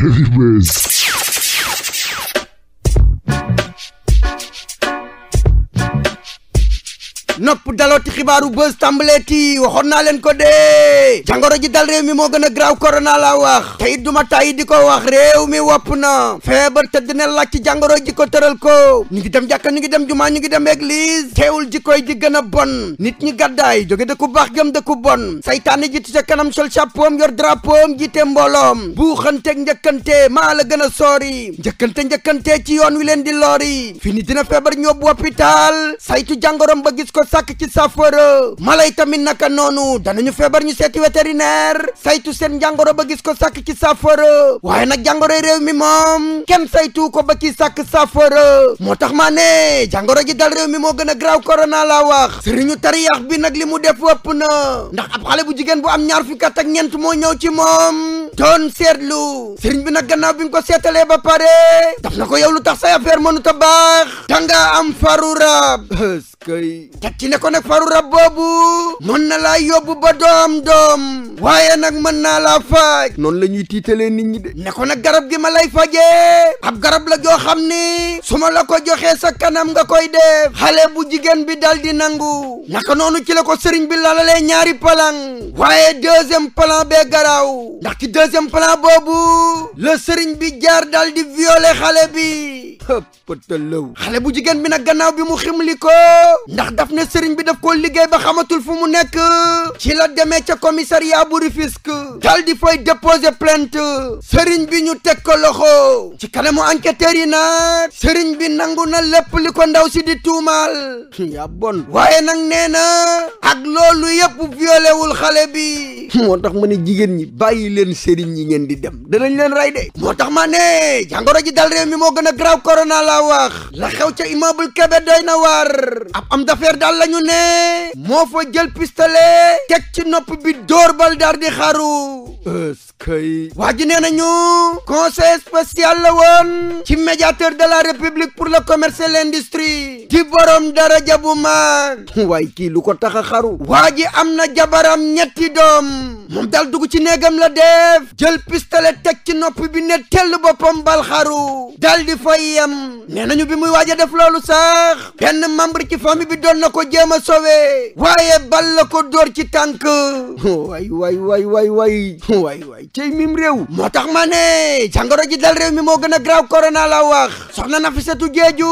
Heavy Waves. nopp dalooti xibaaru buzz tàmbaleeti waxoon naa leen ko dee jangoro ji dal réew mi moo gën a graaw korona la wax te it duma tàyyi di ko wax réew mi wopp na feebar tëdd dina laaj ci jangoro ji ko tëral ko ñu ngi dem jàkka ñu ngi dem jumaa ñu ngi dem église teewul jikkoy ji gën a bon nit ñi gàddaay jóge dëkku baax jëm dëkku bon saytaane jiitu ca kanam sol chapeau yor drapeau jiite mbooloom buuxanteeg njëkkante maa la gën a soori njëkkante njëkkante ci yoon wi leen di loori fini dina feebar ñóbbu hôpital saytu jàngoroom ba gis ko sàkk ci saafara mala yi tamit naka noonu danañu feebar ñu seeti vétérinaire saytu seen jàngoro ba gis ko sàkk ci saafara waaye nag jàngoroy réew mi moom kenn saytu ko ba ki sàkk saafara moo tax maa ne jàngoro ji dal réew mi moo gën a graaw corona laa wax sëriñu tariyax bi nag li mu def wëpp na ndax ab xale bu jigéen bu am ñaar fukki at ak ñeent moo ñëw ci moom doon seetlu sëriñ bi nag gannaaw bi ñu ko seetalee ba pare daf na ko yow lu tax say affaire mënu ta baax danga am faru kay teg ci ne ko nag faru rab boobu mën na laa yóbbu ba doom doom waaye nag mën naa laa faaj noonu la ñuy tiitalee nit ñi de ne nag garab gi ma lay fajee ab garab la joo xam ni su ma la ko joxee sa kanam nga koy def xale bu jigéen bi dal di nangu naka noonu ci la ko sëriñ bi lalalee ñaari palan waaye deuxième plan bee garaaw ndax ci deuxième plan boobu la sëriñ bi jaar dal di violer xale bi pëttalaw xale bu jigéen bi nag gannaaw bi mu ximli ndax daf ne sëriñ bi daf ko liggéey ba xamatul fu mu nekk ci la demee ca commissariat bu Rufisque dal di fay déposer plainte sëriñ bi ñu teg ko loxo ci kanamu enquêteurs yi nag sëriñ bi nangu na lépp li ko ndaw si di tuumaal yaa bon waaye nag nee na ak loolu yëpp violé wul xale bi moo tax ma ne jigéen ñi bàyyi leen sëriñ yi ngeen di dem danañ leen rey de moo tax ma ne jàngoro ji dal réew mi moo gën a graw corona laa wax la xew ca immeuble Kébé doy na waar ab am d'affaire daal la ñu ne moo fa jël pistolet teg ci nopp bi door bal daal di xaaru est-ce que waa ji nee nañu conseil spécial la woon ci médiateur de la république pour le commerce et l'industrie ci borom daraja bu mag waaye kii lu ko tax xaru waa ji am na jabaram ñetti doom moom daal dugg ci néegam la def jël pistolet teg ci nopp bi ne tell boppam bal xaru dal di fay yem nee nañu bi muy waaj a def loolu sax benn membre ci famille bi doon na ko jéem a sauver waaye bal la ko dóor ci tànk waay waay waay waay waay waay cey mim réew moo tax ma ne jàngoro ji dal réew mi moo gën a graaw corona la wax soxna Nafisatu Géeju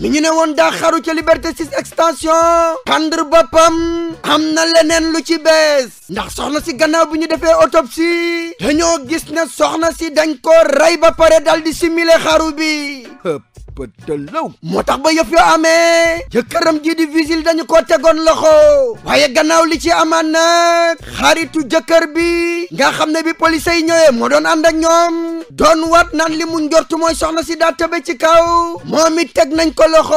mi ñu ne woon daa xaru ca liberté 6 extension tàndr boppam am na leneen lu ci bees ndax soxna si gannaaw bi ñu defee autopsie dañoo gis ne soxna si dañ ko rey ba pare dal di simuler xaru bi pëtalow moo tax ba yëf yoo amee jëkkëram ji di visil dañu ko tegoon loxo waaye gannaaw li ci amaat nag xaritu jëkkër bi nga xam ne bi police yi ñëwee moo doon ànd ak ñoom doon waat naan li mu njort mooy soxna si daa tabe ci kaw moom it teg nañ ko loxo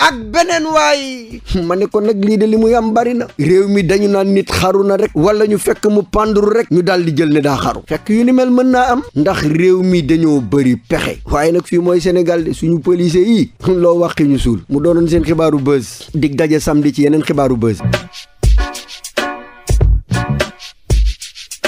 ak beneen waay ma ne ko nag lii de li muy am bari na réew mi dañu naan nit xaru na rek wala ñu fekk mu pandru rek ñu daal di jël ne daa xaru fekk yu ni mel mën naa am ndax réew mi dañoo bëri pexe waaye nag fii mooy Sénégal de suñu policiers yi loo wax ñu suul mu doonoon seen xibaaru buzz dig daje samedi ci yeneen xibaaru buzz